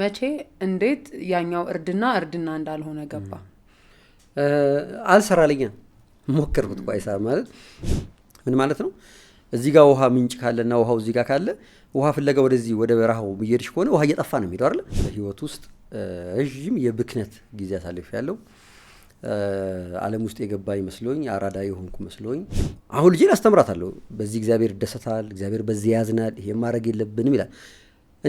መቼ እንዴት ያኛው እርድና እርድና እንዳልሆነ ገባ አልሰራልኛ ሞከርኩት ቋይሳ ማለት ምን ማለት ነው እዚህ ጋር ውሃ ምንጭ ካለና ውሃው እዚህ ጋር ካለ ውሃ ፍለጋ ወደዚህ ወደ በረሃው ብየድሽ ከሆነ ውሃ እየጠፋ ነው የሚሄደው አይደለ በህይወት ውስጥ ረዥም የብክነት ጊዜ አሳልፍ ያለው አለም ውስጥ የገባ ይመስለኝ አራዳ የሆንኩ መስለኝ አሁን ልጄን አስተምራታለሁ በዚህ እግዚአብሔር ይደሰታል እግዚአብሔር በዚህ ያዝናል ይሄ ማድረግ የለብንም ይላል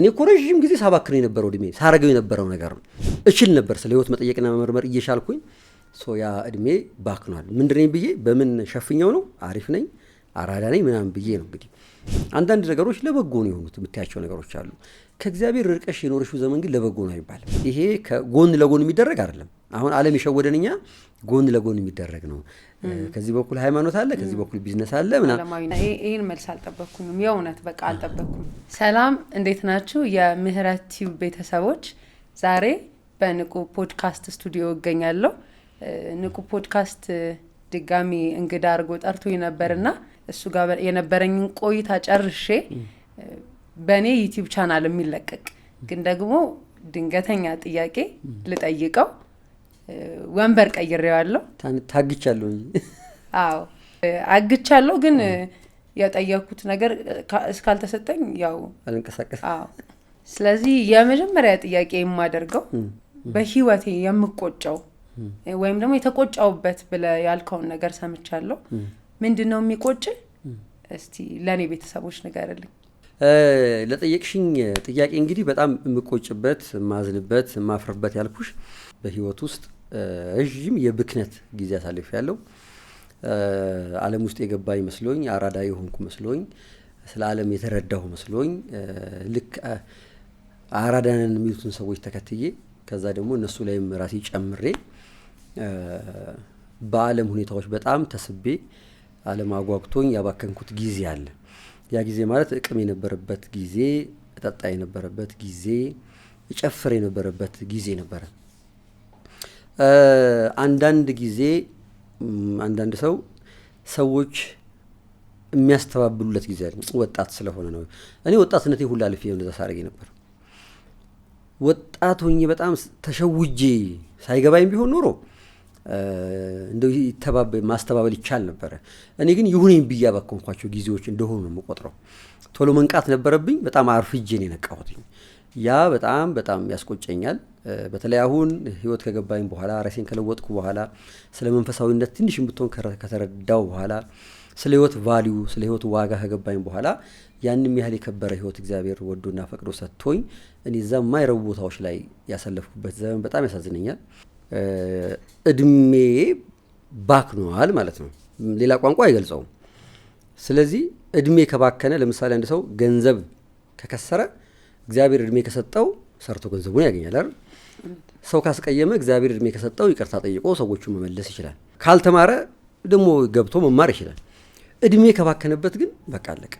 እኔ እኮ ረዥም ጊዜ ሳባክነው የነበረው እድሜ ሳረገው የነበረው ነገር ነው። እችል ነበር ስለ ህይወት መጠየቅና መመርመር እየሻልኩኝ ያ እድሜ ባክኗል። ምንድነኝ ብዬ በምን ሸፍኛው ነው አሪፍ ነኝ አራዳ ነኝ ምናምን ብዬ ነው እንግዲህ አንዳንድ ነገሮች ለበጎ ነው የሆኑት የምታያቸው ነገሮች አሉ። ከእግዚአብሔር ርቀሽ የኖርሽው ዘመን ግን ለበጎ ነው አይባልም። ይሄ ከጎን ለጎን የሚደረግ አይደለም። አሁን ዓለም የሸወደን እኛ ጎን ለጎን የሚደረግ ነው። ከዚህ በኩል ሃይማኖት አለ፣ ከዚህ በኩል ቢዝነስ አለ ምናምን። ይህን መልስ አልጠበኩኝም፣ የእውነት በቃ አልጠበቅኩም። ሰላም፣ እንዴት ናችሁ የምህረት ቲዩብ ቤተሰቦች? ዛሬ በንቁ ፖድካስት ስቱዲዮ እገኛለሁ። ንቁ ፖድካስት ድጋሚ እንግዳ አድርጎ ጠርቶኝ ነበርና እሱ ጋር የነበረኝን ቆይታ ጨርሼ በእኔ ዩቲዩብ ቻናል የሚለቀቅ ግን ደግሞ ድንገተኛ ጥያቄ ልጠይቀው ወንበር ቀይሬዋለሁ። ታግቻለሁ። አዎ አግቻለሁ። ግን የጠየኩት ነገር እስካልተሰጠኝ ያው አልንቀሳቀስ። አዎ ስለዚህ የመጀመሪያ ጥያቄ የማደርገው በህይወቴ የምቆጨው ወይም ደግሞ የተቆጫውበት ብለ ያልከውን ነገር ሰምቻለሁ። ምንድን ነው የሚቆጭ? እስቲ ለእኔ ቤተሰቦች ንገርልኝ። ለጠየቅሽኝ ጥያቄ እንግዲህ በጣም የምቆጭበት፣ ማዝንበት፣ ማፍርበት ያልኩሽ በህይወት ውስጥ ረዥም የብክነት ጊዜ አሳልፍ ያለው ዓለም ውስጥ የገባኝ መስሎኝ አራዳ የሆንኩ መስሎኝ ስለ ዓለም የተረዳሁ መስሎኝ ልክ አራዳንን የሚሉትን ሰዎች ተከትዬ ከዛ ደግሞ እነሱ ላይም ራሴ ጨምሬ በዓለም ሁኔታዎች በጣም ተስቤ አለማጓጉቶኝ አጓጉቶኝ ያባከንኩት ጊዜ አለ። ያ ጊዜ ማለት እቅም የነበረበት ጊዜ፣ እጠጣ የነበረበት ጊዜ፣ እጨፍር የነበረበት ጊዜ ነበረ። አንዳንድ ጊዜ አንዳንድ ሰው ሰዎች የሚያስተባብሉለት ጊዜ አለ። ወጣት ስለሆነ ነው። እኔ ወጣትነቴ ሁላ ልፌ እንደዛ ሳረግ ነበር። ወጣት ሆኜ በጣም ተሸውጄ ሳይገባኝ ቢሆን ኖሮ እንደው ማስተባበል ይቻል ነበረ። እኔ ግን ይሁኔን ብዬ ያባከንኳቸው ጊዜዎች እንደሆኑ ነው የምቆጥረው። ቶሎ መንቃት ነበረብኝ። በጣም አርፍጄን የነቃሁትኝ ያ በጣም በጣም ያስቆጨኛል። በተለይ አሁን ህይወት ከገባኝ በኋላ ራሴን ከለወጥኩ በኋላ ስለ መንፈሳዊነት ትንሽ ብትሆን ከተረዳው በኋላ ስለ ህይወት ቫሊዩ ስለ ህይወት ዋጋ ከገባኝ በኋላ ያንም ያህል የከበረ ህይወት እግዚአብሔር ወዶና ፈቅዶ ሰጥቶኝ እኔ እዛ የማይረቡ ቦታዎች ላይ ያሳለፍኩበት ዘመን በጣም ያሳዝነኛል። እድሜ ባክኗል ማለት ነው። ሌላ ቋንቋ አይገልጸውም። ስለዚህ እድሜ ከባከነ፣ ለምሳሌ አንድ ሰው ገንዘብ ከከሰረ እግዚአብሔር እድሜ ከሰጠው ሰርቶ ገንዘቡን ያገኛል አይደል? ሰው ካስቀየመ እግዚአብሔር እድሜ ከሰጠው ይቅርታ ጠይቆ ሰዎቹን መመለስ ይችላል። ካልተማረ ደግሞ ገብቶ መማር ይችላል። እድሜ ከባከነበት ግን በቃ አለቀ።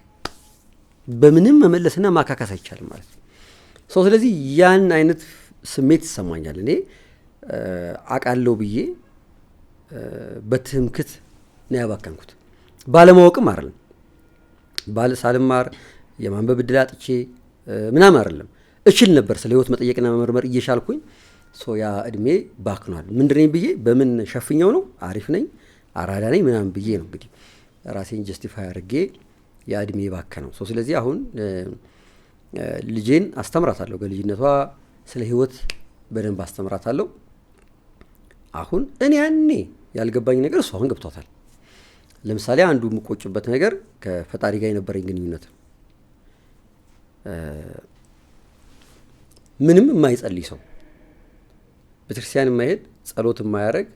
በምንም መመለስና ማካካስ አይቻልም ማለት ነው። ሰው ስለዚህ ያን አይነት ስሜት ይሰማኛል እኔ አቃለው ብዬ በትምክት ነው ያባከንኩት። ባለማወቅም አይደለም ባል ሳልማር የማንበብ እድል አጥቼ ምናምን አይደለም። እችል ነበር ስለ ህይወት መጠየቅና መመርመር እየሻልኩኝ ያ እድሜ ባክኗል። ምንድነኝ ብዬ በምን ሸፍኛው ነው አሪፍ ነኝ አራዳ ነኝ ምናምን ብዬ ነው እንግዲህ ራሴን ጀስቲፋይ አድርጌ ያ እድሜ ነው። ስለዚህ አሁን ልጄን አስተምራታለሁ። በልጅነቷ ስለ ህይወት በደንብ አስተምራታለሁ። አሁን እኔ ያኔ ያልገባኝ ነገር እሱ አሁን ገብቷታል። ለምሳሌ አንዱ የምቆጭበት ነገር ከፈጣሪ ጋር የነበረኝ ግንኙነት ምንም የማይጸልይ ሰው፣ ቤተክርስቲያን የማይሄድ ጸሎት የማያደርግ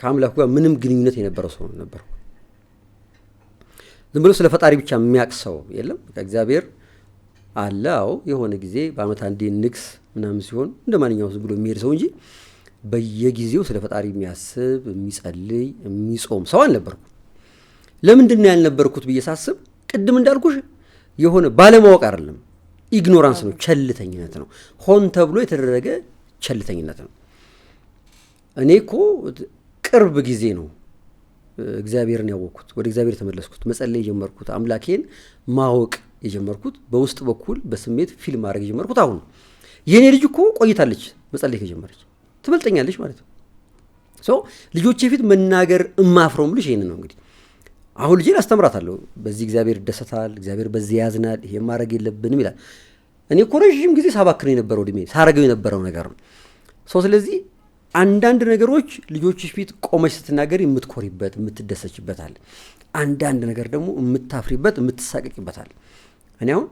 ከአምላኩ ጋር ምንም ግንኙነት የነበረው ሰው ነበር። ዝም ብሎ ስለ ፈጣሪ ብቻ የሚያውቅ ሰው የለም። ከእግዚአብሔር አለው የሆነ ጊዜ በአመት አንዴ ንግስ ምናምን ሲሆን እንደ ማንኛውም ዝም ብሎ የሚሄድ ሰው እንጂ በየጊዜው ስለ ፈጣሪ የሚያስብ የሚጸልይ የሚጾም ሰው አልነበርኩም። ለምንድን ነው ያልነበርኩት ብዬ ሳስብ ቅድም እንዳልኩሽ የሆነ ባለማወቅ አይደለም፣ ኢግኖራንስ ነው፣ ቸልተኝነት ነው፣ ሆን ተብሎ የተደረገ ቸልተኝነት ነው። እኔ እኮ ቅርብ ጊዜ ነው እግዚአብሔርን ያወቅኩት፣ ወደ እግዚአብሔር የተመለስኩት፣ መጸለይ የጀመርኩት፣ አምላኬን ማወቅ የጀመርኩት፣ በውስጥ በኩል በስሜት ፊልም ማድረግ የጀመርኩት አሁን ነው። የእኔ ልጅ እኮ ቆይታለች መጸለይ ከጀመረች ትበልጠኛለች ማለት ነው። ሰው ልጆቼ ፊት መናገር እማፍረውም ልሽ ይህን ነው እንግዲህ አሁን ልጄን አስተምራታለሁ። በዚህ እግዚአብሔር ይደሰታል፣ እግዚአብሔር በዚህ ያዝናል፣ ይሄ ማድረግ የለብንም ይላል። እኔ እኮ ረዥም ጊዜ ሳባክነው የነበረው እድሜ ሳረገው የነበረው ነገር ነው ሰው ስለዚህ አንዳንድ ነገሮች ልጆችሽ ፊት ቆመች ስትናገር የምትኮሪበት የምትደሰችበታል። አንዳንድ ነገር ደግሞ የምታፍሪበት የምትሳቀቂበታል። እኔ አሁን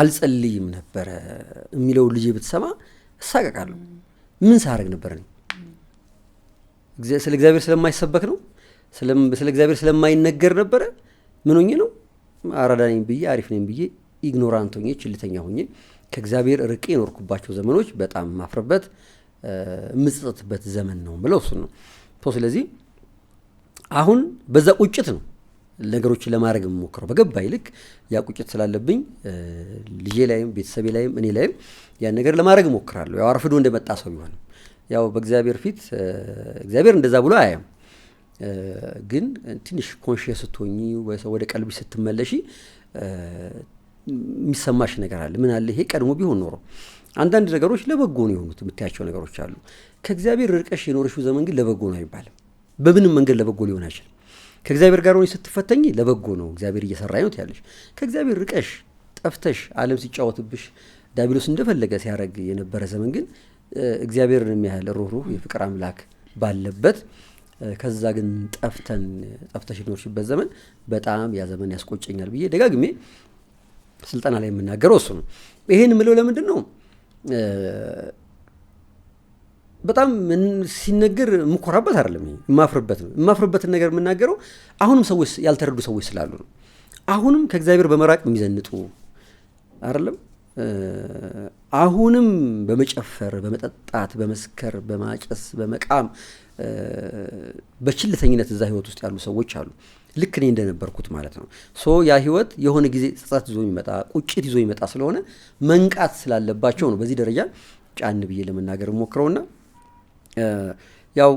አልጸልይም ነበረ የሚለው ልጅ ብትሰማ እሳቀቃለሁ። ምን ሳረግ ነበር? ስለ እግዚአብሔር ስለማይሰበክ ነው? ስለ እግዚአብሔር ስለማይነገር ነበረ? ምን ሆኜ ነው? አራዳ ነኝ ብዬ አሪፍ ነኝ ብዬ ኢግኖራንት ሆኜ ችልተኛ ሆኜ ከእግዚአብሔር ርቄ የኖርኩባቸው ዘመኖች በጣም ማፍረበት የምጸጸትበት ዘመን ነው ብለው እሱን ነው። ስለዚህ አሁን በዛ ቁጭት ነው ነገሮችን ለማድረግ የምሞክረው በገባ ይልክ ያ ቁጭት ስላለብኝ ልጄ ላይም ቤተሰቤ ላይም እኔ ላይም ያን ነገር ለማድረግ እሞክራለሁ። ያው አርፍዶ እንደመጣ ሰው ቢሆንም ያው በእግዚአብሔር ፊት እግዚአብሔር እንደዛ ብሎ አያም። ግን ትንሽ ኮንሽየስ ስትሆኚ ወደ ቀልብሽ ስትመለሺ የሚሰማሽ ነገር አለ። ምን አለ ይሄ ቀድሞ ቢሆን ኖሮ አንዳንድ ነገሮች ለበጎ ነው የሆኑት የምታያቸው ነገሮች አሉ። ከእግዚአብሔር ርቀሽ የኖረሽው ዘመን ግን ለበጎ ነው አይባልም። በምንም መንገድ ለበጎ ሊሆን አይችልም። ከእግዚአብሔር ጋር ሆነሽ ስትፈተኝ ለበጎ ነው፣ እግዚአብሔር እየሰራ ነው ትያለሽ። ከእግዚአብሔር ርቀሽ ጠፍተሽ ዓለም ሲጫወትብሽ ዲያብሎስ እንደፈለገ ሲያደርግ የነበረ ዘመን ግን እግዚአብሔርን የሚያህል ሩህሩህ የፍቅር አምላክ ባለበት ከዛ ግን ጠፍተን ጠፍተሽ የኖርሽበት ዘመን በጣም ያ ዘመን ያስቆጨኛል ብዬ ደጋግሜ ስልጠና ላይ የምናገረው እሱ ነው። ይሄን ምለው ለምንድን ነው? በጣም ሲነገር የምኮራበት አይደለም፣ የማፍርበት ነው። የማፍርበትን ነገር የምናገረው አሁንም ሰዎች ያልተረዱ ሰዎች ስላሉ ነው። አሁንም ከእግዚአብሔር በመራቅ የሚዘንጡ አይደለም፣ አሁንም በመጨፈር በመጠጣት በመስከር በማጨስ በመቃም በችልተኝነት እዛ ህይወት ውስጥ ያሉ ሰዎች አሉ። ልክ እኔ እንደነበርኩት ማለት ነው። ሶ ያ ህይወት የሆነ ጊዜ ጸጸት ይዞ የሚመጣ ቁጭት ይዞ የሚመጣ ስለሆነ መንቃት ስላለባቸው ነው በዚህ ደረጃ ጫን ብዬ ለመናገር ሞክረውና ያው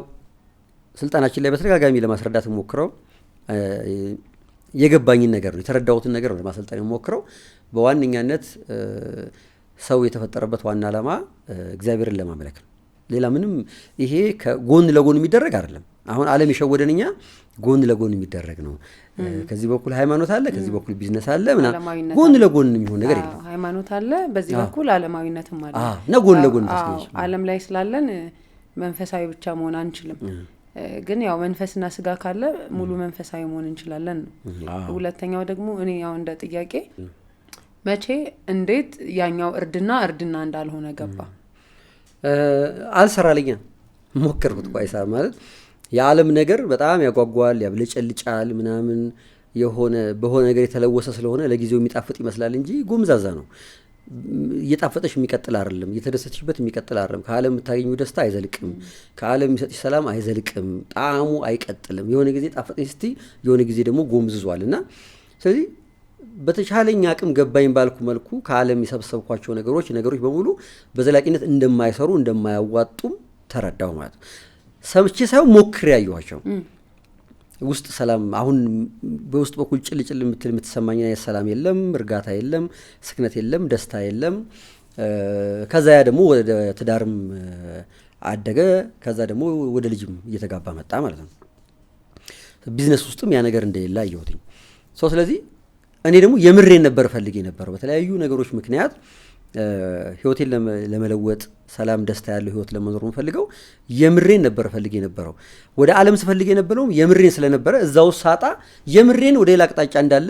ስልጠናችን ላይ በተደጋጋሚ ለማስረዳት ሞክረው የገባኝን ነገር ነው የተረዳሁትን ነገር ነው ለማሰልጠን ሞክረው በዋነኛነት ሰው የተፈጠረበት ዋና ዓላማ እግዚአብሔርን ለማመለክ ነው። ሌላ ምንም ይሄ ከጎን ለጎን የሚደረግ አይደለም። አሁን ዓለም የሸወደን እኛ ጎን ለጎን የሚደረግ ነው። ከዚህ በኩል ሃይማኖት አለ፣ ከዚህ በኩል ቢዝነስ አለ ምናምን ጎን ለጎን የሚሆን ነገር የለም። ሃይማኖት አለ፣ በዚህ በኩል አለማዊነትም አለ እና ጎን ለጎን ዓለም ላይ ስላለን መንፈሳዊ ብቻ መሆን አንችልም። ግን ያው መንፈስና ስጋ ካለ ሙሉ መንፈሳዊ መሆን እንችላለን ነው። ሁለተኛው ደግሞ እኔ ያው እንደ ጥያቄ መቼ እንዴት ያኛው እርድና እርድና እንዳልሆነ ገባ አልሰራልኛ ሞከርኩት ቋይሳ ማለት የዓለም ነገር በጣም ያጓጓል፣ ያብለጨልጫል ምናምን የሆነ በሆነ ነገር የተለወሰ ስለሆነ ለጊዜው የሚጣፍጥ ይመስላል እንጂ ጎምዛዛ ነው። እየጣፈጠሽ የሚቀጥል አይደለም። እየተደሰተሽበት የሚቀጥል አይደለም። ከዓለም የምታገኙ ደስታ አይዘልቅም። ከዓለም የሚሰጥሽ ሰላም አይዘልቅም። ጣዕሙ አይቀጥልም። የሆነ ጊዜ ጣፈጠኝ ስቲ፣ የሆነ ጊዜ ደግሞ ጎምዝዟል እና ስለዚህ በተቻለኝ አቅም ገባኝ ባልኩ መልኩ ከዓለም የሰበሰብኳቸው ነገሮች ነገሮች በሙሉ በዘላቂነት እንደማይሰሩ እንደማያዋጡም ተረዳሁ ማለት ነው። ሰምቼ ሳይሆን ሞክሬ ያየኋቸው ውስጥ ሰላም አሁን በውስጥ በኩል ጭልጭል የምትል የምትሰማኝ አይነት ሰላም የለም፣ እርጋታ የለም፣ ስክነት የለም፣ ደስታ የለም። ከዛ ያ ደግሞ ወደ ትዳርም አደገ። ከዛ ደግሞ ወደ ልጅም እየተጋባ መጣ ማለት ነው። ቢዝነስ ውስጥም ያ ነገር እንደሌለ አየሁትኝ። ሰው ስለዚህ እኔ ደግሞ የምሬን ነበር ፈልጌ ነበር በተለያዩ ነገሮች ምክንያት ህይወቴን ለመለወጥ ሰላም፣ ደስታ ያለው ህይወት ለመኖር የምፈልገው የምሬን ነበር ፈልግ የነበረው ወደ ዓለም ስፈልግ የነበረውም የምሬን ስለነበረ እዛው ሳጣ የምሬን ወደ ሌላ አቅጣጫ እንዳለ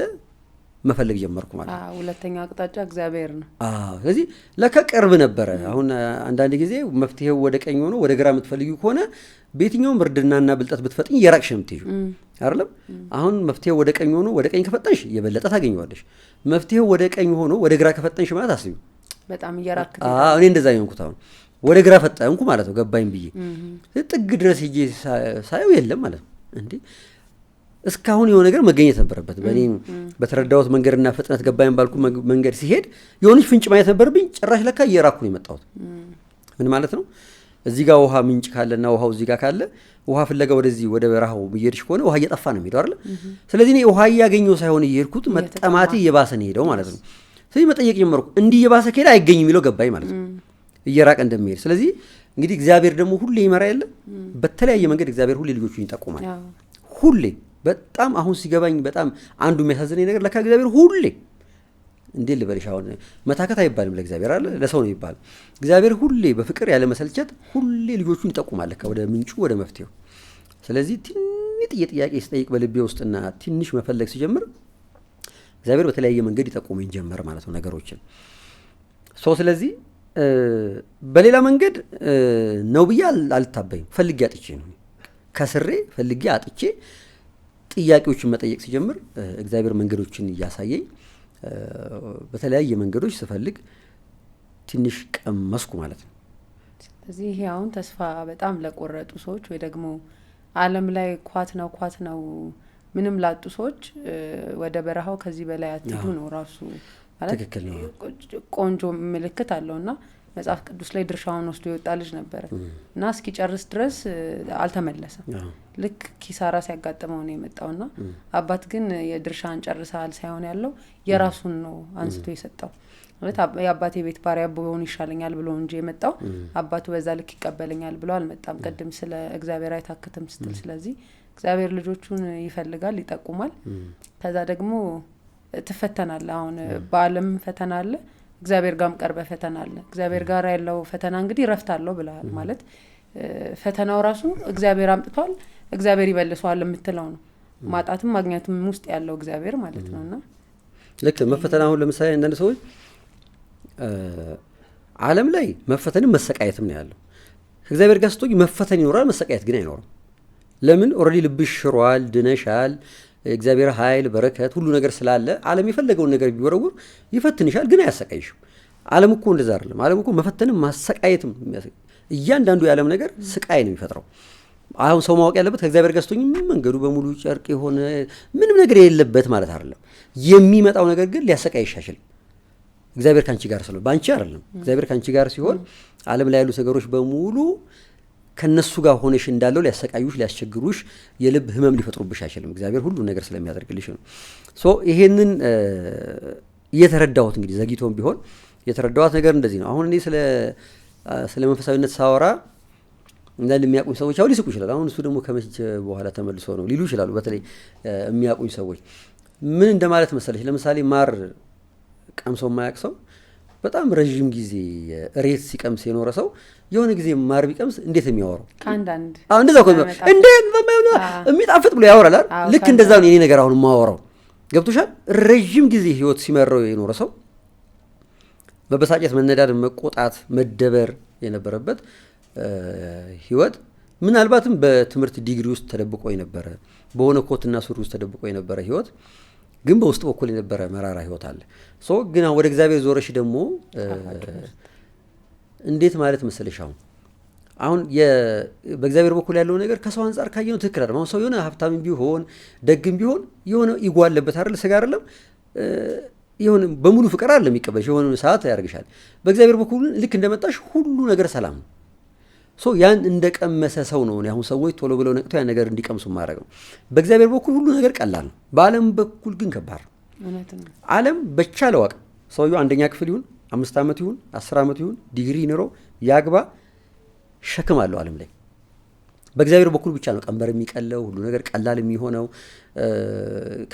መፈለግ ጀመርኩ ማለት ነው። ሁለተኛው አቅጣጫ እግዚአብሔር ነው። ስለዚህ ለካ ቅርብ ነበረ። አሁን አንዳንድ ጊዜ መፍትሄው ወደ ቀኝ ሆኖ ወደ ግራ የምትፈልጊ ከሆነ በየትኛውም እርድናና ብልጠት ብትፈጥኝ የራቅሽ ነው አይደለም። አሁን መፍትሄው ወደ ቀኝ ሆኖ ወደ ቀኝ ከፈጠንሽ የበለጠ ታገኘዋለሽ። መፍትሄው ወደ ቀኝ ሆኖ ወደ ግራ ከፈጠንሽ ማለት አስቢው በጣም እየራክት እኔ እንደዛ የሆንኩት አሁን ወደ ግራ ፈጣ ሆንኩ ማለት ነው። ገባኝ ብዬ ጥግ ድረስ ሄጄ ሳየው የለም ማለት ነው። እንዴ እስካሁን የሆነ ነገር መገኘት ነበረበት። በእኔ በተረዳሁት መንገድና ፍጥነት ገባኝ ባልኩ መንገድ ሲሄድ የሆነች ፍንጭ ማየት ነበረብኝ። ጭራሽ ለካ እየራኩ ነው የመጣሁት። ምን ማለት ነው? እዚህ ጋር ውሃ ምንጭ ካለና ውሃው እዚህ ጋር ካለ ውሃ ፍለጋ ወደዚህ ወደ በረሃው እየሄድሽ ከሆነ ውሃ እየጠፋ ነው የሚሄደው አይደል? ስለዚህ እኔ ውሃ እያገኘው ሳይሆን እየሄድኩት መጠማቴ እየባሰ ነው ሄደው ማለት ነው። ስለዚህ መጠየቅ ጀመርኩ። እንዲህ የባሰ ከሄደ አይገኝም የሚለው ገባኝ ማለት ነው፣ እየራቀ እንደሚሄድ። ስለዚህ እንግዲህ እግዚአብሔር ደግሞ ሁሌ ይመራ የለ በተለያየ መንገድ እግዚአብሔር ሁሌ ልጆቹን ይጠቁማል። ሁሌ በጣም አሁን ሲገባኝ በጣም አንዱ የሚያሳዝነኝ ነገር ለካ እግዚአብሔር ሁሌ እንዴ ልበልሽ፣ አሁን መታከት አይባልም ለእግዚአብሔር አለ ለሰው ነው ይባል። እግዚአብሔር ሁሌ በፍቅር ያለ መሰልቸት ሁሌ ልጆቹን ይጠቁማል ለካ ወደ ምንጩ ወደ መፍትሄው። ስለዚህ ትንሽ ጥያቄ ስጠይቅ በልቤ ውስጥና ትንሽ መፈለግ ሲጀምር እግዚአብሔር በተለያየ መንገድ ይጠቁመኝ ጀመር ማለት ነው ነገሮችን ሶ ስለዚህ በሌላ መንገድ ነው ብዬ አልታበይም። ፈልጌ አጥቼ ነው ከስሬ ፈልጌ አጥቼ ጥያቄዎችን መጠየቅ ሲጀምር እግዚአብሔር መንገዶችን እያሳየኝ በተለያየ መንገዶች ስፈልግ ትንሽ ቀመስኩ ማለት ነው። ስለዚህ ይሄ አሁን ተስፋ በጣም ለቆረጡ ሰዎች ወይ ደግሞ ዓለም ላይ ኳት ነው ኳት ነው ምንም ላጡ ሰዎች ወደ በረሃው ከዚህ በላይ አትሄዱ ነው ራሱ ቆንጆ ምልክት አለው እና መጽሐፍ ቅዱስ ላይ ድርሻውን ወስዶ የወጣ ልጅ ነበረ እና እስኪጨርስ ድረስ አልተመለሰም። ልክ ኪሳራ ሲያጋጥመው ነው የመጣው ና አባት ግን የድርሻን ጨርሰሃል ሳይሆን ያለው የራሱን ነው አንስቶ የሰጠው። ማለት የአባቴ ቤት ባሪያ ብሆን ይሻለኛል ብሎ እንጂ የመጣው አባቱ በዛ ልክ ይቀበለኛል ብሎ አልመጣም። ቅድም ስለ እግዚአብሔር አይታክትም ስትል ስለዚህ እግዚአብሔር ልጆቹን ይፈልጋል፣ ይጠቁማል። ከዛ ደግሞ ትፈተናለ። አሁን በአለም ፈተና አለ፣ እግዚአብሔር ጋርም ቀርበ ፈተና አለ። እግዚአብሔር ጋር ያለው ፈተና እንግዲህ ረፍት አለው ብለሃል ማለት ፈተናው ራሱ እግዚአብሔር አምጥቷል፣ እግዚአብሔር ይበልሰዋል የምትለው ነው። ማጣትም ማግኘትም ውስጥ ያለው እግዚአብሔር ማለት ነው። እና ልክ መፈተን አሁን ለምሳሌ አንዳንድ ሰዎች አለም ላይ መፈተንም መሰቃየትም ነው ያለው። ከእግዚአብሔር ጋር ስትሆኝ መፈተን ይኖራል፣ መሰቃየት ግን አይኖርም። ለምን ኦልሬዲ ልብሽ ሽሯል፣ ድነሻል። እግዚአብሔር ኃይል በረከት ሁሉ ነገር ስላለ ዓለም የፈለገውን ነገር ቢወረውር ይፈትንሻል፣ ግን አያሰቃይሽም። ዓለም እኮ እንደዛ አይደለም። ዓለም እኮ መፈተንም ማሰቃየትም እያንዳንዱ የዓለም ነገር ስቃይ ነው የሚፈጥረው። አሁን ሰው ማወቅ ያለበት ከእግዚአብሔር ገዝቶኝ መንገዱ በሙሉ ጨርቅ የሆነ ምንም ነገር የሌለበት ማለት አይደለም። የሚመጣው ነገር ግን ሊያሰቃይሽ አይችልም። እግዚአብሔር ከአንቺ ጋር ስለ በአንቺ አይደለም፣ እግዚአብሔር ከአንቺ ጋር ሲሆን ዓለም ላይ ያሉ ነገሮች በሙሉ ከነሱ ጋር ሆነሽ እንዳለው ሊያሰቃዩሽ፣ ሊያስቸግሩሽ፣ የልብ ህመም ሊፈጥሩብሽ አይችልም። እግዚአብሔር ሁሉ ነገር ስለሚያደርግልሽ ነው። ሶ ይሄንን እየተረዳሁት እንግዲህ ዘግይቶም ቢሆን የተረዳዋት ነገር እንደዚህ ነው። አሁን እኔ ስለ መንፈሳዊነት ሳወራ አንዳንድ የሚያውቁኝ ሰዎች አሁን ሊስቁ ይችላል። አሁን እሱ ደግሞ ከመቼ በኋላ ተመልሶ ነው ሊሉ ይችላሉ። በተለይ የሚያውቁኝ ሰዎች ምን እንደማለት መሰለች። ለምሳሌ ማር ቀምሶ የማያውቅ ሰው በጣም ረዥም ጊዜ ሬት ሲቀምስ የኖረ ሰው የሆነ ጊዜ ማር ቢቀምስ እንዴት የሚያወራው እንደዛ እንደ የሚጣፍጥ ብሎ ያወራል። ልክ እንደዛ ነው የኔ ነገር አሁን የማወራው ገብቶሻል። ረዥም ጊዜ ህይወት ሲመረው የኖረ ሰው መበሳጨት፣ መነዳድ፣ መቆጣት፣ መደበር የነበረበት ህይወት ምናልባትም በትምህርት ዲግሪ ውስጥ ተደብቆ የነበረ በሆነ ኮትና ሱሪ ውስጥ ተደብቆ የነበረ ህይወት ግን በውስጥ በኩል የነበረ መራራ ህይወት አለ። ሶ ግና ወደ እግዚአብሔር ዞረሽ ደግሞ እንዴት ማለት መሰለሽ አሁን አሁን በእግዚአብሔር በኩል ያለው ነገር ከሰው አንጻር ካየነው ትክክል አይደለም። አሁን ሰው የሆነ ሀብታም ቢሆን ደግም ቢሆን የሆነ ይጓለበት አይደል? ስጋ አይደለም የሆነ በሙሉ ፍቅር አይደለም የሚቀበልሽ የሆነ ሰዓት ያደርግሻል። በእግዚአብሔር በኩል ልክ እንደመጣሽ ሁሉ ነገር ሰላም ነው። ያን እንደቀመሰ ሰው ነው። አሁን ሰዎች ቶሎ ብለው ነቅቶ ያን ነገር እንዲቀምሱ ማድረግ ነው። በእግዚአብሔር በኩል ሁሉ ነገር ቀላል ነው። በዓለም በኩል ግን ከባድ ነው። ዓለም በቻለው አቅም ሰውየው አንደኛ ክፍል ይሁን አምስት ዓመት ይሁን አስር ዓመት ይሁን ዲግሪ ኑሮ ያግባ ሸክም አለው ዓለም ላይ። በእግዚአብሔር በኩል ብቻ ነው ቀንበር የሚቀለው ሁሉ ነገር ቀላል የሚሆነው።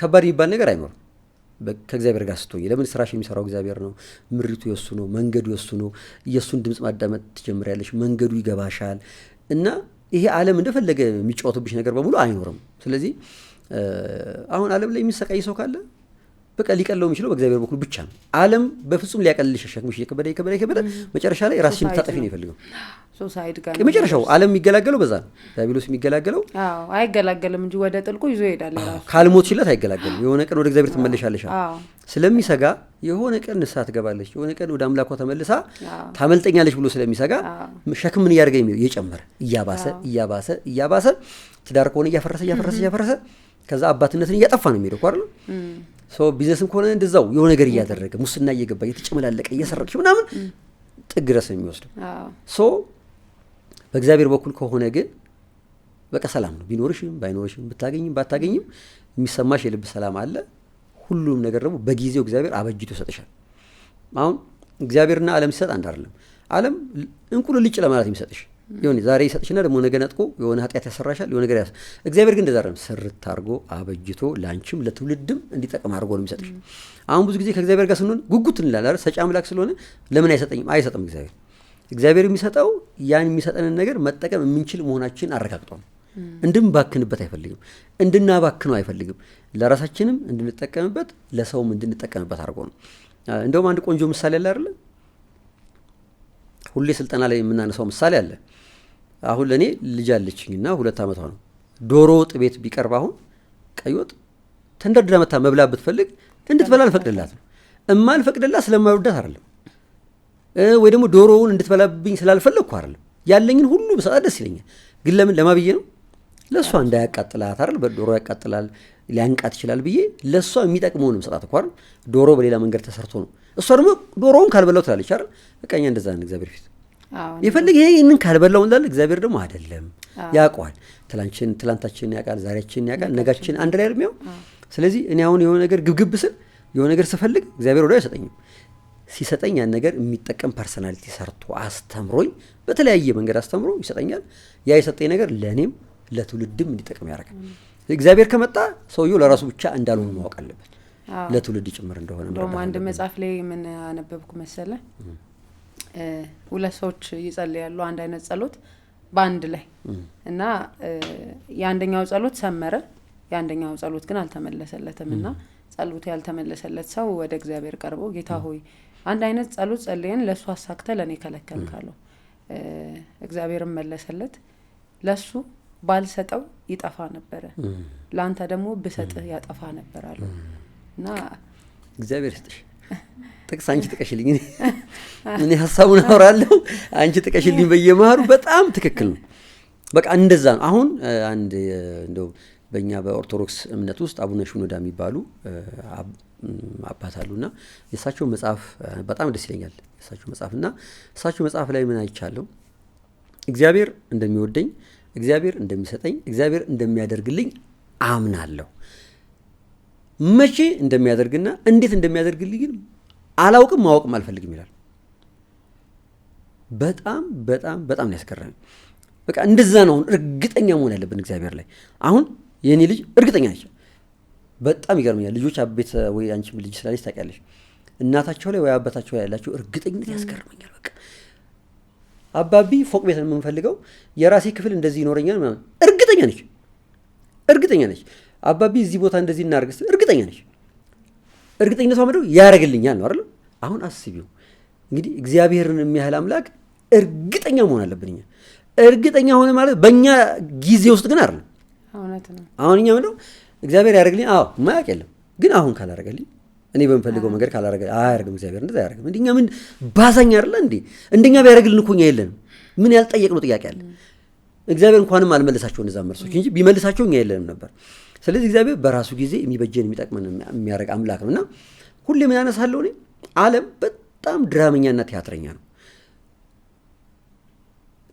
ከባድ የሚባል ነገር አይኖርም። ከእግዚአብሔር ጋር ስትሆኝ ለምን ስራሽ የሚሰራው እግዚአብሔር ነው። ምሪቱ የሱ ነው። መንገዱ የሱ ነው። የእሱን ድምፅ ማዳመጥ ትጀምሪያለሽ። መንገዱ ይገባሻል እና ይሄ ዓለም እንደፈለገ የሚጫወትብሽ ነገር በሙሉ አይኖርም። ስለዚህ አሁን ዓለም ላይ የሚሰቃይ ሰው ካለ በቃ ሊቀለው የሚችለው በእግዚአብሔር በኩል ብቻ ነው። ዓለም በፍጹም ሊያቀልልሽ ሸክምሽ የከበደ የከበደ የከበደ መጨረሻ ላይ ራስሽን ታጠፊ ነው የፈልገው። መጨረሻው ዓለም የሚገላገለው በዛ ነው። ዲያብሎስ የሚገላገለው አይገላገልም እንጂ ወደ ጥልቁ ይዞ ይሄዳል። ካልሞት ካልሞትሽለት አይገላገልም። የሆነ ቀን ወደ እግዚአብሔር ትመለሻለሻ ስለሚሰጋ የሆነ ቀን ንስሐ ትገባለች፣ የሆነ ቀን ወደ አምላኳ ተመልሳ ታመልጠኛለች ብሎ ስለሚሰጋ ምን እያደረገ የሚለው እየጨመረ እያባሰ እያባሰ እያባሰ ትዳር ከሆነ እያፈረሰ እያፈረሰ እያፈረሰ ከዛ አባትነትን እያጠፋ ነው የሚሄደው አይደል ቢዝነስም ከሆነ እንደዛው የሆነ ነገር እያደረገ ሙስና እየገባ እየተጨመላለቀ እየሰረቅ ምናምን ጥግ ድረስ ነው የሚወስደው። ሶ በእግዚአብሔር በኩል ከሆነ ግን በቃ ሰላም ነው። ቢኖርሽም ባይኖርሽም ብታገኝም ባታገኝም የሚሰማሽ የልብ ሰላም አለ። ሁሉም ነገር ደግሞ በጊዜው እግዚአብሔር አበጅቶ ይሰጥሻል። አሁን እግዚአብሔርና ዓለም ሲሰጥ አንድ አይደለም። ዓለም እንቁልልጭ ለማለት የሚሰጥሽ የሆነ ዛሬ ይሰጥሽና ደግሞ ነገ ነጥቆ የሆነ ኃጢአት ያሰራሻል። የሆነ ነገር እግዚአብሔር ግን እንደዛ ስርት አድርጎ አበጅቶ ለአንቺም ለትውልድም እንዲጠቅም አድርጎ ነው የሚሰጥሽ። አሁን ብዙ ጊዜ ከእግዚአብሔር ጋር ስንሆን ጉጉት እንላለን። ሰጪ አምላክ ስለሆነ ለምን አይሰጠኝም? አይሰጥም። እግዚአብሔር እግዚአብሔር የሚሰጠው ያን የሚሰጠንን ነገር መጠቀም የምንችል መሆናችን አረጋግጦ ነው። እንድንባክንበት አይፈልግም። እንድናባክነው አይፈልግም። ለራሳችንም እንድንጠቀምበት ለሰውም እንድንጠቀምበት አድርጎ ነው። እንደውም አንድ ቆንጆ ምሳሌ አለ አይደለ? ሁሌ ስልጠና ላይ የምናነሳው ምሳሌ አለ አሁን ለእኔ ልጅ አለችኝ እና ሁለት ዓመቷ ነው። ዶሮ ወጥ ቤት ቢቀርብ አሁን ቀይ ወጥ ተንደርድራ መታ መብላ ብትፈልግ እንድትበላ አልፈቅድላት ነው። እማልፈቅድላት ስለማልወዳት አይደለም፣ ወይ ደግሞ ዶሮውን እንድትበላብኝ ስላልፈለግኩ አይደለም። ያለኝን ሁሉ ብሰጣት ደስ ይለኛል። ግን ለምን ለማብዬ ነው ለእሷ እንዳያቃጥላት አይደል? በዶሮ ያቃጥላል ሊያንቃት ይችላል ብዬ ለእሷ የሚጠቅመውንም ሰጣት እኮ አይደል? ዶሮ በሌላ መንገድ ተሰርቶ ነው። እሷ ደግሞ ዶሮውን ካልበላው ትላለች አይደል? በቃ እኛ እንደዛ ነን እግዚአብሔር ፊት የፈልግ ይሄ ይህንን ካልበላው እንዳለ እግዚአብሔር ደግሞ አይደለም ያውቀዋል። ትላንችን ትላንታችን ያውቃል፣ ዛሬያችንን ያውቃል፣ ነጋችን አንድ ላይ እርሚያው። ስለዚህ እኔ አሁን የሆነ ነገር ግብግብ ስል የሆነ ነገር ስፈልግ እግዚአብሔር ወደ አይሰጠኝም። ሲሰጠኝ ያን ነገር የሚጠቀም ፐርሰናሊቲ ሰርቶ አስተምሮኝ በተለያየ መንገድ አስተምሮ ይሰጠኛል። ያ የሰጠኝ ነገር ለእኔም ለትውልድም እንዲጠቅም ያደርጋል። እግዚአብሔር ከመጣ ሰውየው ለራሱ ብቻ እንዳልሆኑ ማወቅ አለበት፣ ለትውልድ ጭምር እንደሆነ። አንድ መጽሐፍ ላይ ምን አነበብኩ መሰለ ሁለት ሰዎች ይጸልያሉ አንድ አይነት ጸሎት በአንድ ላይ እና የአንደኛው ጸሎት ሰመረ፣ የአንደኛው ጸሎት ግን አልተመለሰለትም እና ጸሎት ያልተመለሰለት ሰው ወደ እግዚአብሔር ቀርቦ ጌታ ሆይ አንድ አይነት ጸሎት ጸልየን ለእሱ አሳክተ ለእኔ ከለከልካለሁ። እግዚአብሔርን መለሰለት። ለሱ ባልሰጠው ይጠፋ ነበረ፣ ለአንተ ደግሞ ብሰጥህ ያጠፋ ነበር አለ እና እግዚአብሔር ስጥሽ ጥቅስ አንቺ ጥቀሽልኝ፣ እኔ ሀሳቡን አወራለሁ፣ አንቺ ጥቀሽልኝ በየመሀሉ። በጣም ትክክል ነው። በቃ እንደዛ ነው። አሁን አንድ እንደው በእኛ በኦርቶዶክስ እምነት ውስጥ አቡነ ሽኖዳ የሚባሉ አባት አሉና የእሳቸው መጽሐፍ በጣም ደስ ይለኛል። የእሳቸው መጽሐፍ እና እሳቸው መጽሐፍ ላይ ምን አይቻለሁ? እግዚአብሔር እንደሚወደኝ፣ እግዚአብሔር እንደሚሰጠኝ፣ እግዚአብሔር እንደሚያደርግልኝ አምናለሁ መቼ እንደሚያደርግና እንዴት እንደሚያደርግልኝ አላውቅም፣ ማወቅም አልፈልግም ይላል። በጣም በጣም በጣም ነው ያስገረመኝ። በቃ እንደዛ ነው አሁን እርግጠኛ መሆን ያለብን እግዚአብሔር ላይ። አሁን የእኔ ልጅ እርግጠኛ ነች። በጣም ይገርመኛል። ልጆች አቤት ወይ አንቺም ልጅ ስላለች ታውቂያለሽ፣ እናታቸው ላይ ወይ አባታቸው ላይ ያላቸው እርግጠኝነት ያስገርመኛል። በቃ አባቢ ፎቅ ቤት ነው የምንፈልገው፣ የራሴ ክፍል እንደዚህ ይኖረኛል ምናምን። እርግጠኛ ነች፣ እርግጠኛ ነች። አባቢ እዚህ ቦታ እንደዚህ እናርግስ እርግጠኛ ነች። እርግጠኝነቷ ምድ ያደረግልኛል ነው አለ። አሁን አስቢው እንግዲህ እግዚአብሔርን የሚያህል አምላክ እርግጠኛ መሆን አለብን እኛ። እርግጠኛ ሆነ ማለት በእኛ ጊዜ ውስጥ ግን አይደለም። አሁን እኛ ምንድነው እግዚአብሔር ያደርግልኝ? አዎ ማያውቅ የለም ግን አሁን ካላደረገልኝ እኔ በምፈልገው መንገድ ካላደረገ አያደርግም እግዚአብሔር። እንደዛ አያደርግም። እንደኛ ምን ባሳኝ አይደለ እንዴ? እንደኛ ቢያደርግልን እኮ እኛ የለንም። ምን ያልጠየቅነው ጥያቄ አለ? እግዚአብሔር እንኳንም አልመለሳቸው እነዛ መልሶች እንጂ ቢመልሳቸው እኛ የለንም ነበር። ስለዚህ እግዚአብሔር በራሱ ጊዜ የሚበጀን የሚጠቅመን የሚያደርግ አምላክ ነው እና ሁሌ ምን ያነሳለሁ እኔ አለም በጣም ድራመኛና ቲያትረኛ ነው።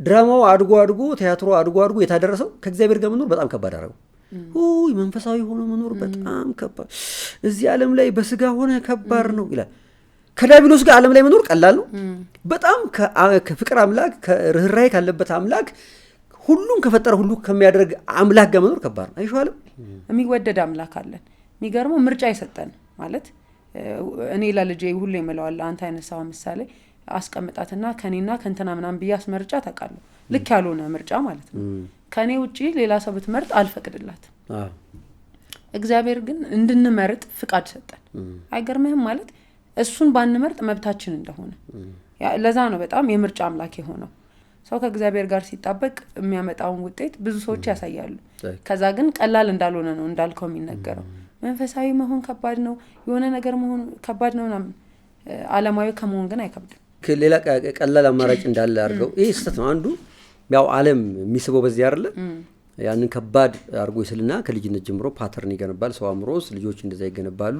ድራማው አድጎ አድጎ ቲያትሮ አድጎ አድጎ የታደረሰው ከእግዚአብሔር ጋር መኖር በጣም ከባድ አደረገው። ይ መንፈሳዊ ሆኖ መኖር በጣም ከባድ፣ እዚህ ዓለም ላይ በስጋ ሆነ ከባድ ነው ይላል። ከዳቢሎስ ጋር ዓለም ላይ መኖር ቀላል ነው። በጣም ከፍቅር አምላክ ከርኅራይ ካለበት አምላክ ሁሉን ከፈጠረ ሁሉ ከሚያደርግ አምላክ ጋር መኖር ከባድ ነው። አይሸዋልም። የሚወደድ አምላክ አለን። የሚገርመው ምርጫ የሰጠን ማለት እኔ ለልጄ ሁሉ እምለዋለሁ አንተ አይነት ሰው ምሳሌ አስቀምጣትና ከኔና ከንትና ምናምን ብዬ አስመርጫ ታውቃለሁ። ልክ ያልሆነ ምርጫ ማለት ነው። ከእኔ ውጪ ሌላ ሰው ብትመርጥ አልፈቅድላትም። እግዚአብሔር ግን እንድንመርጥ ፍቃድ ሰጠን። አይገርምህም? ማለት እሱን ባንመርጥ መብታችን እንደሆነ ለዛ ነው በጣም የምርጫ አምላክ የሆነው። ሰው ከእግዚአብሔር ጋር ሲጣበቅ የሚያመጣውን ውጤት ብዙ ሰዎች ያሳያሉ። ከዛ ግን ቀላል እንዳልሆነ ነው እንዳልከው የሚነገረው። መንፈሳዊ መሆን ከባድ ነው፣ የሆነ ነገር መሆን ከባድ ነው ምናምን። አለማዊ ከመሆን ግን አይከብድም። ሌላ ቀላል አማራጭ እንዳለ አድርገው ይህ ስህተት ነው። አንዱ ያው አለም የሚስበው በዚህ አይደለ ያንን ከባድ አድርጎ ይስልና ከልጅነት ጀምሮ ፓተርን ይገነባል ሰው አምሮ ውስጥ ልጆች እንደዛ ይገነባሉ።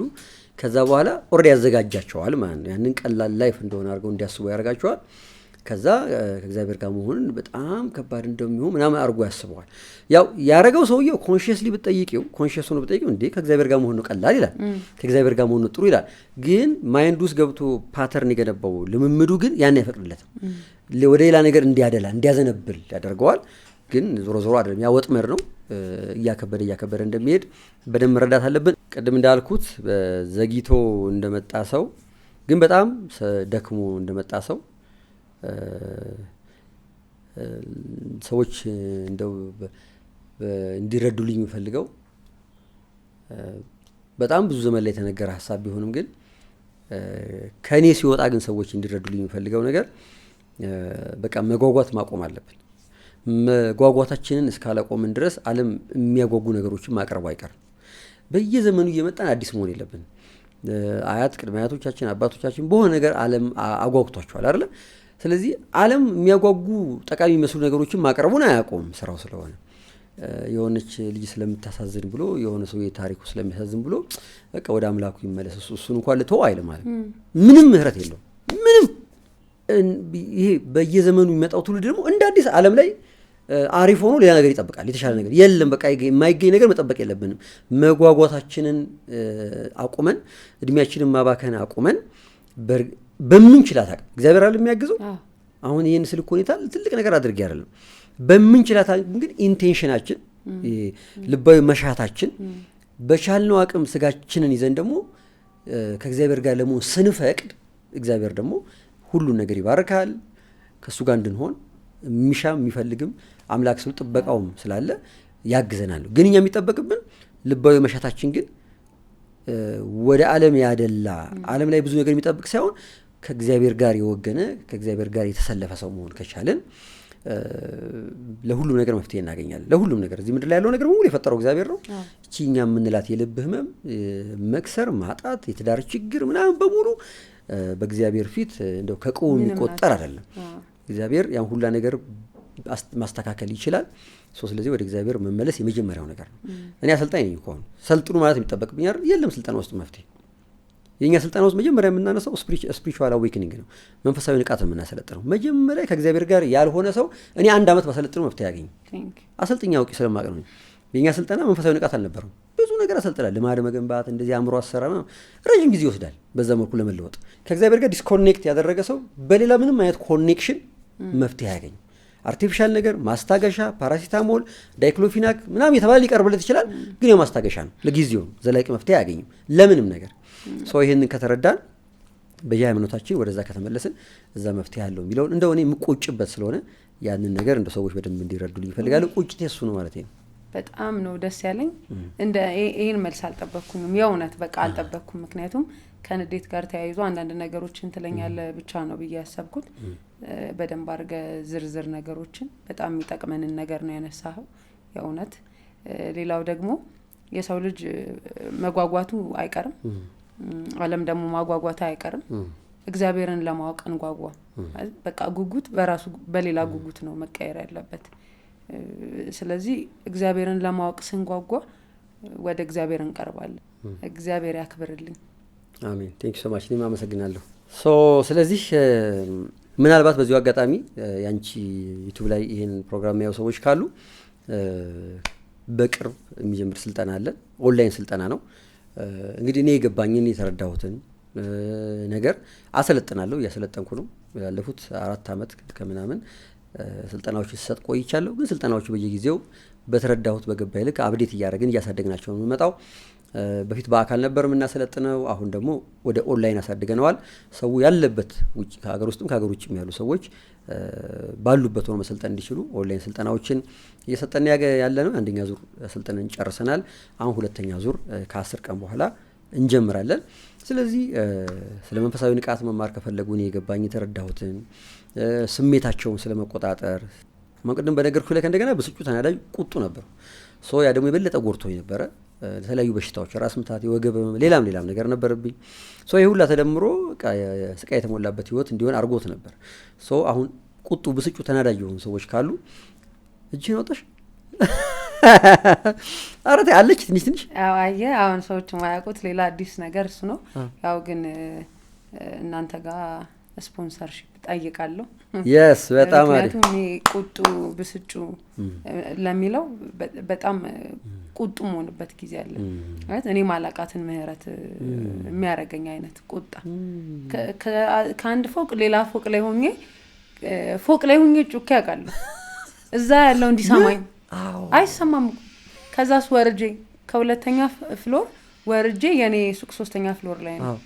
ከዛ በኋላ ኦረዲ ያዘጋጃቸዋል ማለት ነው። ያንን ቀላል ላይፍ እንደሆነ አድርገው እንዲያስቡ ያደርጋቸዋል። ከዛ ከእግዚአብሔር ጋር መሆንን በጣም ከባድ እንደሚሆን ምናምን አድርጎ ያስበዋል። ያው ያረገው ሰውየው ኮንሽስሊ ብጠይቂው ኮንሽስ ሆኖ ብጠይቂው እንዴ ከእግዚአብሔር ጋር መሆን ነው ቀላል ይላል፣ ከእግዚአብሔር ጋር መሆን ነው ጥሩ ይላል። ግን ማይንድ ውስጥ ገብቶ ፓተርን የገነባው ልምምዱ ግን ያን አይፈቅድለትም። ወደ ሌላ ነገር እንዲያደላ እንዲያዘነብል ያደርገዋል። ግን ዞሮ ዞሮ አይደለም ያ ወጥመድ ነው። እያከበደ እያከበደ እንደሚሄድ በደንብ መረዳት አለብን። ቅድም እንዳልኩት ዘግይቶ እንደመጣ ሰው ግን በጣም ደክሞ እንደመጣ ሰው ሰዎች እንደው እንዲረዱልኝ የምፈልገው በጣም ብዙ ዘመን ላይ የተነገረ ሀሳብ ቢሆንም ግን ከእኔ ሲወጣ ግን ሰዎች እንዲረዱልኝ የምፈልገው ነገር በቃ መጓጓት ማቆም አለብን። መጓጓታችንን እስካላቆምን ድረስ ዓለም የሚያጓጉ ነገሮችን ማቅረቡ አይቀርም። በየዘመኑ እየመጣን አዲስ መሆን የለብን። አያት ቅድመ አያቶቻችን አባቶቻችን በሆነ ነገር ዓለም አጓጉቷቸዋል አይደለ? ስለዚህ ዓለም የሚያጓጉ ጠቃሚ የሚመስሉ ነገሮችን ማቅረቡን አያውቁም ስራው ስለሆነ የሆነች ልጅ ስለምታሳዝን ብሎ የሆነ ሰው ታሪኩ ስለሚያሳዝን ብሎ በቃ ወደ አምላኩ ይመለስ እሱን እንኳን ልተው አይል ማለት ምንም ምህረት የለው ምንም ይሄ በየዘመኑ የሚመጣው ትውልድ ደግሞ እንደ አዲስ አለም ላይ አሪፍ ሆኖ ሌላ ነገር ይጠብቃል። የተሻለ ነገር የለም። በቃ የማይገኝ ነገር መጠበቅ የለብንም። መጓጓታችንን አቁመን እድሜያችንን ማባከን አቁመን በምንችላት አቅም እግዚአብሔር አለ የሚያግዘው። አሁን ይህን ስልክ ሁኔታ ትልቅ ነገር አድርጌ አይደለም። በምንችላት አቅም ግን ኢንቴንሽናችን፣ ልባዊ መሻታችን በቻልነው አቅም ስጋችንን ይዘን ደግሞ ከእግዚአብሔር ጋር ለመሆን ስንፈቅድ እግዚአብሔር ደግሞ ሁሉን ነገር ይባርካል። ከእሱ ጋር እንድንሆን የሚሻም የሚፈልግም አምላክ ስሉ ጥበቃውም ስላለ ያግዘናል። ግን እኛ የሚጠበቅብን ልባዊ መሻታችን ግን ወደ ዓለም ያደላ ዓለም ላይ ብዙ ነገር የሚጠብቅ ሳይሆን ከእግዚአብሔር ጋር የወገነ ከእግዚአብሔር ጋር የተሰለፈ ሰው መሆን ከቻልን ለሁሉም ነገር መፍትሄ እናገኛለን። ለሁሉም ነገር እዚህ ምድር ላይ ያለው ነገር በሙሉ የፈጠረው እግዚአብሔር ነው። እቺ እኛ የምንላት የልብ ህመም፣ መክሰር፣ ማጣት፣ የትዳር ችግር ምናምን በሙሉ በእግዚአብሔር ፊት እንደው ከቀው የሚቆጠር አይደለም። እግዚአብሔር ያን ሁላ ነገር ማስተካከል ይችላል። ሶ ስለዚህ ወደ እግዚአብሔር መመለስ የመጀመሪያው ነገር ነው። እኔ አሰልጣኝ ነኝ ከሆኑ ሰልጥኑ ማለት የሚጠበቅብኝ የለም። ስልጠና ውስጥ መፍትሄ የእኛ ስልጠና ውስጥ መጀመሪያ የምናነሳው ስፒሪቹዋል አዌክኒንግ ነው። መንፈሳዊ ንቃት የምናሰለጥነው። መጀመሪያ ከእግዚአብሔር ጋር ያልሆነ ሰው እኔ አንድ ዓመት ባሰለጥነው መፍትሄ ያገኝ አሰልጥኛ አውቂ ስለማቅ ነው። የእኛ ስልጠና መንፈሳዊ ንቃት አልነበረም። ብዙ ነገር አሰልጥላል፣ ልማድ መገንባት፣ እንደዚህ አእምሮ አሰራ ረዥም ጊዜ ይወስዳል። በዛ መልኩ ለመለወጥ ከእግዚአብሔር ጋር ዲስኮኔክት ያደረገ ሰው በሌላ ምንም አይነት ኮኔክሽን መፍትሄ አያገኝም። አርቲፊሻል ነገር ማስታገሻ፣ ፓራሲታሞል፣ ዳይክሎፊናክ ምናምን የተባለ ሊቀርብለት ይችላል። ግን ያው ማስታገሻ ነው፣ ለጊዜው ዘላቂ መፍትሄ አያገኝም ለምንም ነገር። ሰው ይህንን ከተረዳን በየ ሃይማኖታችን ወደዛ ከተመለስን እዛ መፍትሄ አለው የሚለውን እንደው እኔ የምቆጭበት ስለሆነ ያንን ነገር እንደ ሰዎች በደንብ እንዲረዱልኝ ይፈልጋለ። ቁጭት የሱ ነው ማለት ነው። በጣም ነው ደስ ያለኝ። እንደ ይህን መልስ አልጠበቅኩም፣ የእውነት በቃ አልጠበቅኩም። ምክንያቱም ከንዴት ጋር ተያይዞ አንዳንድ ነገሮችን ትለኛለ ብቻ ነው ብዬ ያሰብኩት። በደንብ አድርገ ዝርዝር ነገሮችን በጣም የሚጠቅመንን ነገር ነው ያነሳኸው የእውነት። ሌላው ደግሞ የሰው ልጅ መጓጓቱ አይቀርም፣ ዓለም ደግሞ ማጓጓቱ አይቀርም። እግዚአብሔርን ለማወቅ እንጓጓ። በቃ ጉጉት በራሱ በሌላ ጉጉት ነው መቀየር ያለበት። ስለዚህ እግዚአብሔርን ለማወቅ ስንጓጓ ወደ እግዚአብሔር እንቀርባለን። እግዚአብሔር ያክብርልኝ። አሜን ቴንክ ሶማች እኔም አመሰግናለሁ። ስለዚህ ምናልባት በዚሁ አጋጣሚ ያንቺ ዩቱብ ላይ ይህን ፕሮግራም ያዩ ሰዎች ካሉ በቅርብ የሚጀምር ስልጠና አለን። ኦንላይን ስልጠና ነው። እንግዲህ እኔ የገባኝን የተረዳሁትን ነገር አሰለጥናለሁ። እያሰለጠንኩ ነው። ያለፉት አራት ዓመት ከምናምን ስልጠናዎች ሲሰጥ ቆይቻለሁ። ግን ስልጠናዎቹ በየጊዜው በተረዳሁት በገባኝ ልክ አብዴት እያደረግን እያሳደግናቸው ነው የምንመጣው። በፊት በአካል ነበር የምናሰለጥነው። አሁን ደግሞ ወደ ኦንላይን አሳድገነዋል። ሰው ያለበት ውጭ ከሀገር ውስጥም ከሀገር ውጭም ያሉ ሰዎች ባሉበት ሆኖ መሰልጠን እንዲችሉ ኦንላይን ስልጠናዎችን እየሰጠን ያለ ነው። አንደኛ ዙር ስልጠናን ጨርሰናል። አሁን ሁለተኛ ዙር ከአስር ቀን በኋላ እንጀምራለን። ስለዚህ ስለ መንፈሳዊ ንቃት መማር ከፈለጉ እኔ የገባኝ የተረዳሁትን ስሜታቸውን ስለ መቆጣጠር ቅድም በነገርኩ ላይ ከእንደገና ብስጩ ተናዳጅ ቁጡ ነበር ሶ ያ ደግሞ የበለጠ ጎርቶኝ ነበረ የተለያዩ በሽታዎች ራስ ምታት፣ የወገብ ሌላም ሌላም ነገር ነበረብኝ። ሶ ይህ ሁላ ተደምሮ ስቃይ የተሞላበት ህይወት እንዲሆን አድርጎት ነበር። ሶ አሁን ቁጡ፣ ብስጩ፣ ተናዳጅ የሆኑ ሰዎች ካሉ እጅህን ወጣሽ ኧረ አለች ትንሽ ትንሽ አየ አሁን ሰዎች ማያውቁት ሌላ አዲስ ነገር እሱ ነው። ያው ግን እናንተ ጋር ስፖንሰርሽፕ ጠይቃለሁ። የስ በጣም ምክንያቱም ቁጡ ብስጩ ለሚለው በጣም ቁጡ መሆንበት ጊዜ አለ። ማለት እኔ ማላቃትን ምህረት የሚያደርገኝ አይነት ቁጣ ከአንድ ፎቅ ሌላ ፎቅ ላይ ሆኜ ፎቅ ላይ ሆኜ ጩኬ ያውቃለሁ። እዛ ያለው እንዲሰማኝ አይሰማም። ከዛስ ወርጄ ከሁለተኛ ፍሎር ወርጄ የኔ ሱቅ ሶስተኛ ፍሎር ላይ ነው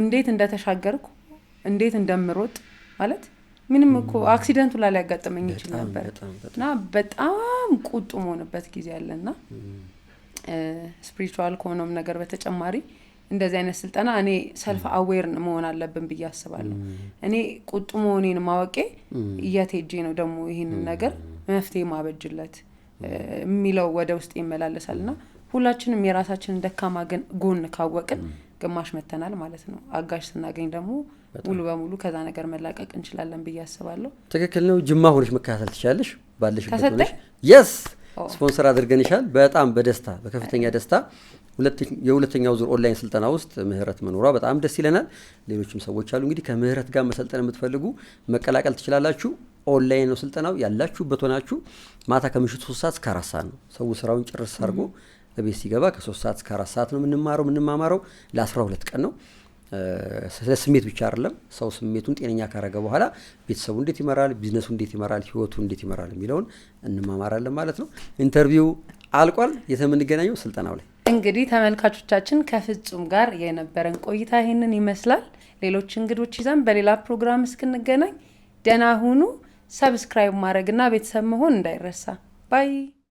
እንዴት እንደተሻገርኩ እንዴት እንደምሮጥ ማለት ምንም እኮ አክሲደንቱ ላይ ሊያጋጥመኝ ይችል ነበር እና በጣም ቁጡ መሆንበት ጊዜ አለ ና ስፕሪቹዋል ከሆነውም ነገር በተጨማሪ እንደዚህ አይነት ስልጠና እኔ ሰልፍ አዌር መሆን አለብን ብዬ አስባለሁ። እኔ ቁጡ መሆኔን ማወቄ እያት ነው ደግሞ ይህንን ነገር መፍትሄ ማበጅለት የሚለው ወደ ውስጥ ይመላለሳል ና ሁላችንም የራሳችንን ደካማ ጎን ካወቅን ግማሽ መተናል ማለት ነው። አጋዥ ስናገኝ ደግሞ ሙሉ በሙሉ ከዛ ነገር መላቀቅ እንችላለን ብዬ አስባለሁ። ትክክል ነው። ጅማ ሆነሽ መከታተል ትችላለሽ። ባለሽበት የስ ስፖንሰር አድርገንሻል። በጣም በደስታ በከፍተኛ ደስታ የሁለተኛው ዙር ኦንላይን ስልጠና ውስጥ ምህረት መኖሯ በጣም ደስ ይለናል። ሌሎችም ሰዎች አሉ እንግዲህ ከምህረት ጋር መሰልጠን የምትፈልጉ መቀላቀል ትችላላችሁ። ኦንላይን ነው ስልጠናው። ያላችሁበት ሆናችሁ ማታ ከምሽቱ ሶስት ሰዓት እስከ አራት ሰዓት ነው። ሰው ስራውን ጭርስ አድርጎ ቤት ሲገባ ከሶስት ሰዓት እስከ አራት ሰዓት ነው የምንማረው የምንማማረው ለአስራ ሁለት ቀን ነው። ስለ ስሜት ብቻ አይደለም። ሰው ስሜቱን ጤነኛ ካረገ በኋላ ቤተሰቡ እንዴት ይመራል፣ ቢዝነሱ እንዴት ይመራል፣ ህይወቱ እንዴት ይመራል የሚለውን እንማማራለን ማለት ነው። ኢንተርቪው አልቋል። የተምንገናኘው ስልጠናው ላይ እንግዲህ ተመልካቾቻችን ከፍጹም ጋር የነበረን ቆይታ ይህንን ይመስላል። ሌሎች እንግዶች ይዘን በሌላ ፕሮግራም እስክንገናኝ ደህና ሁኑ። ሰብስክራይብ ማድረግና ቤተሰብ መሆን እንዳይረሳ ባይ